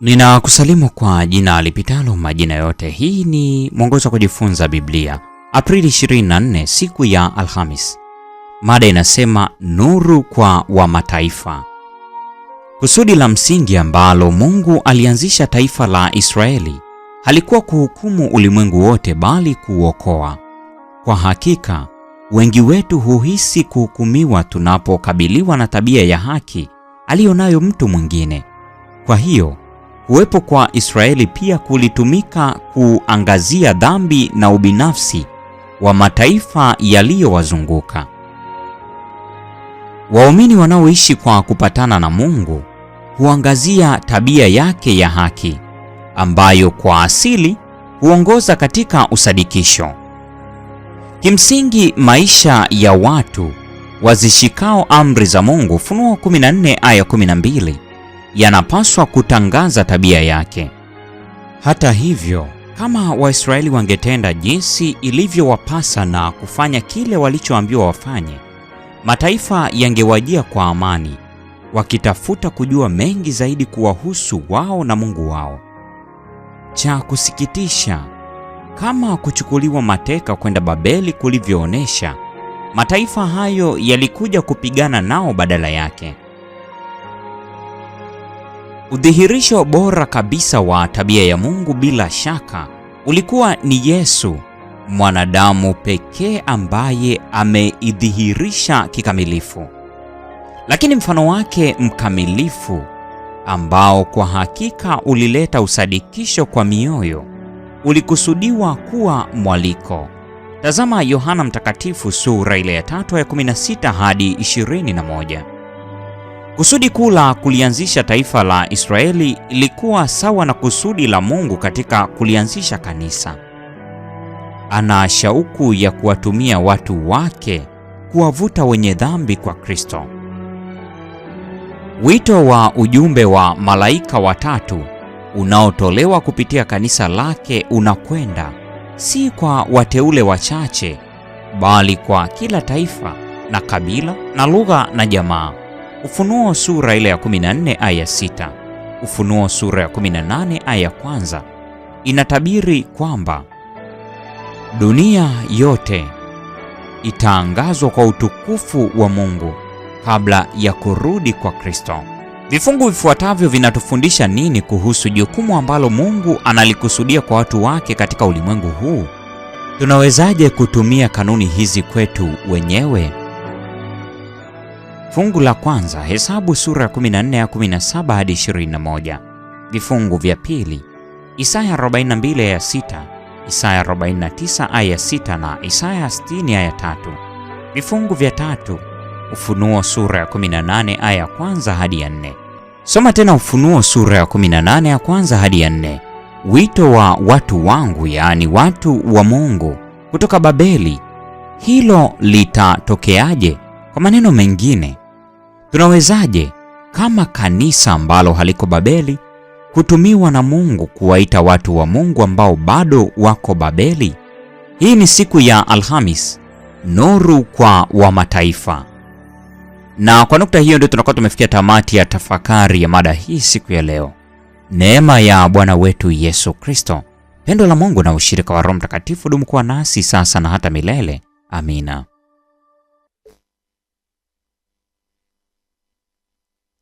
Ninakusalimu kwa jina alipitalo majina yote. Hii ni mwongozo wa kujifunza Biblia, Aprili 24, siku ya Alhamis. Mada inasema nuru kwa wa mataifa. Kusudi la msingi ambalo Mungu alianzisha taifa la Israeli halikuwa kuhukumu ulimwengu wote, bali kuokoa Kwa hakika wengi wetu huhisi kuhukumiwa tunapokabiliwa na tabia ya haki aliyonayo mtu mwingine. Kwa hiyo Kuwepo kwa Israeli pia kulitumika kuangazia dhambi na ubinafsi wa mataifa yaliyowazunguka. Waumini wanaoishi kwa kupatana na Mungu huangazia tabia yake ya haki ambayo kwa asili huongoza katika usadikisho. Kimsingi, maisha ya watu wazishikao amri za Mungu, Funuo 14 aya 12 yanapaswa kutangaza tabia yake. Hata hivyo, kama Waisraeli wangetenda jinsi ilivyowapasa na kufanya kile walichoambiwa wafanye, mataifa yangewajia kwa amani, wakitafuta kujua mengi zaidi kuwahusu wao na Mungu wao. Cha kusikitisha, kama kuchukuliwa mateka kwenda Babeli kulivyoonesha, mataifa hayo yalikuja kupigana nao badala yake. Udhihirisho bora kabisa wa tabia ya Mungu bila shaka ulikuwa ni Yesu, mwanadamu pekee ambaye ameidhihirisha kikamilifu. Lakini mfano wake mkamilifu ambao kwa hakika ulileta usadikisho kwa mioyo ulikusudiwa kuwa mwaliko. Tazama Yohana Mtakatifu sura ile ya 3 ya 16 hadi 21. Kusudi kuu la kulianzisha taifa la Israeli ilikuwa sawa na kusudi la Mungu katika kulianzisha kanisa. Ana shauku ya kuwatumia watu wake kuwavuta wenye dhambi kwa Kristo. Wito wa ujumbe wa malaika watatu unaotolewa kupitia kanisa lake unakwenda si kwa wateule wachache, bali kwa kila taifa na kabila na lugha na jamaa. Ufunuo sura ile ya 14 aya 6, Ufunuo sura ya 18 aya kwanza inatabiri kwamba dunia yote itaangazwa kwa utukufu wa Mungu kabla ya kurudi kwa Kristo. Vifungu vifuatavyo vinatufundisha nini kuhusu jukumu ambalo Mungu analikusudia kwa watu wake katika ulimwengu huu? Tunawezaje kutumia kanuni hizi kwetu wenyewe? Fungu la kwanza Hesabu sura ya 14 ya 17 hadi 21. Vifungu vya pili Isaya 42 ya 6, Isaya 49 aya 6 na Isaya 60 aya 3. Vifungu vya tatu Ufunuo sura ya 18 aya ya kwanza hadi ya 4. Soma tena Ufunuo sura ya 18 ya kwanza hadi ya 4. Wito wa watu wangu, yaani watu wa Mungu kutoka Babeli, hilo litatokeaje? Kwa maneno mengine Tunawezaje kama kanisa ambalo haliko Babeli kutumiwa na Mungu kuwaita watu wa Mungu ambao bado wako Babeli? Hii ni siku ya Alhamis, nuru kwa wa mataifa. Na kwa nukta hiyo ndio tunakuwa tumefikia tamati ya tafakari ya mada hii siku ya leo. Neema ya Bwana wetu Yesu Kristo, pendo la Mungu na ushirika wa Roho Mtakatifu dumu kuwa nasi sasa na hata milele. Amina.